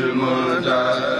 المدى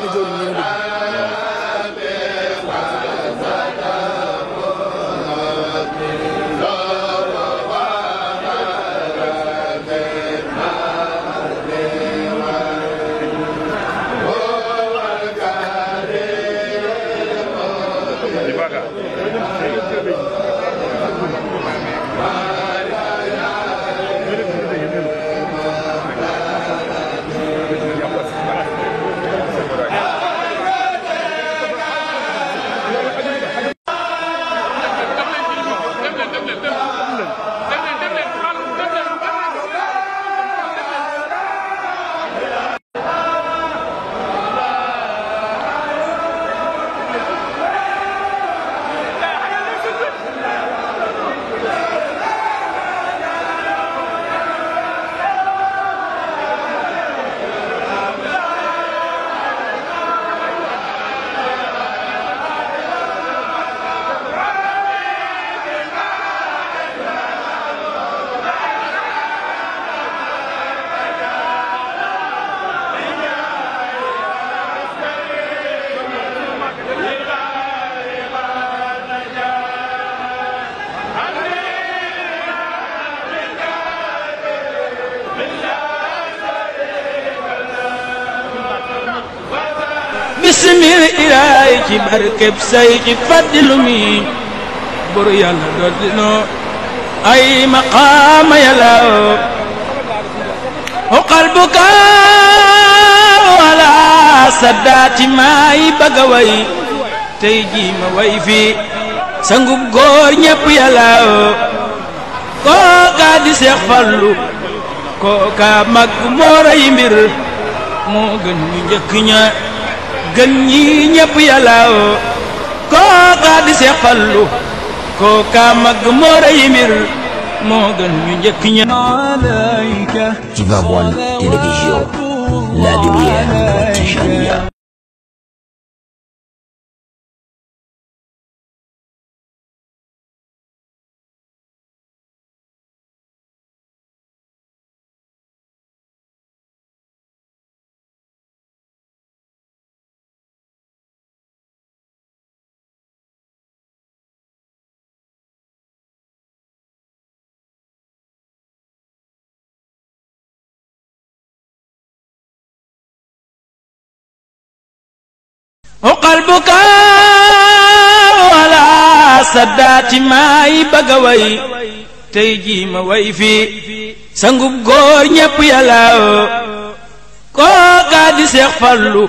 fi jóon ñu dugg Devagar. bismil ilaay ci barkeb say ci faddilu mi buru yàlla dolli noo ay maqaama yàlla o qalbuka wala saddaati maay bëgg a way tey jii ma way fi sangub góor ñépp yàlla koo kaa di fallu koo kaa mag moora yi mbir gën ñu njëkk gën ñi ñépp yàllaaw kooka di Seex kooka mag moo rëy moo gën ñu njëkk ña Tivaouane Télévision la lumière tijaniyya uqal bukaa wala saddaati maay bëgg a way tey jii ma way fii sangub góor ñépp yàlla kooka di Seex Fallu